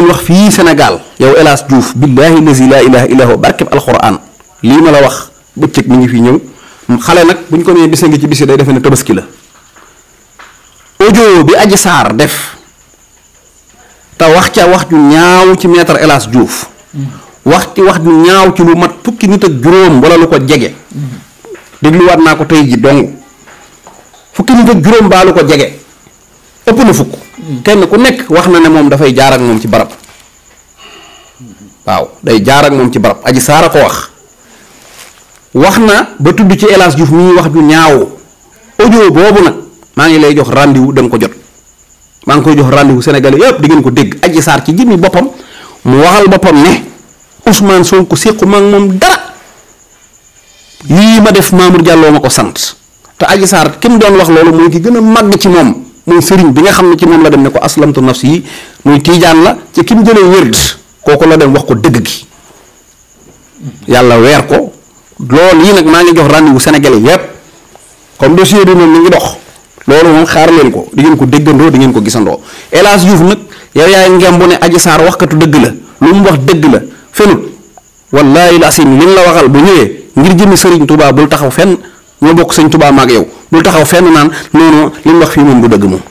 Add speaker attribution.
Speaker 1: lañ wax fii Sénégal yow El Hadj Diouf billaahi lazi laa ilaaha illaa huwa barkeb alxuraan lii ma la wax bëccëg mu ngi fi ñëw xale nag bu ñu ko nee bis ngi ci bisi day defe ne tabaski la audio bi Adji Sarr def te wax ca wax ju ñaaw ci maître El Hadj mm-hmm. wax ci wax ju ñaaw ci lu mat fukki nit ak juróom wala lu ko jege mm-hmm. dégluwaat naa ko tey ji dong fukki nit ak juróom baa lu ko jege ëpp na fukk kenn ku nekk wax na ne moom dafay jaar ak moom ci barab waaw day jaar ak moom ci barab aji a ko wax wax na ba tudd ci El Hadj Diouf wax ju ñaaw audio boobu nag maa ngi lay jox rendez-vous da ko jot maa ngi koy jox rendez-vous sénégalais yëpp di ngeen ko dégg aji saar ci jëmmi boppam mu waxal boppam ne Ousmane Sonko séqu ma ak moom dara lii ma def Mamour Diallo ma ko sant te aji saar ki doon wax loolu mooy ki gën a màgg ci moom mooy sëriñ bi nga xam ne ci moom la dem ne ko aslamtu nafsi yi muy tiijaan la ci ki mu jëlee wérd kooku la dem wax ko dëgg gi yàlla weer ko loolu yii nag maa ngi jox rendez-vous Sénégalais yépp comme dossier bi moom mi ngi dox loolu moom xaar leen ko di ngeen ko dëggandoo di ko gisandoo El Hadj Diouf nag yow yaay ngemb ne Adji waxkatu dëgg la lu mu wax dëgg la fenut wallaahi la asim li la waxal bu ñëwee ngir jëmi sëriñ Touba bul taxaw fenn ñoo bokk sëñ Touba maag yow bul taxaw fenn naan non li mu wax fii moom du dëgg moom.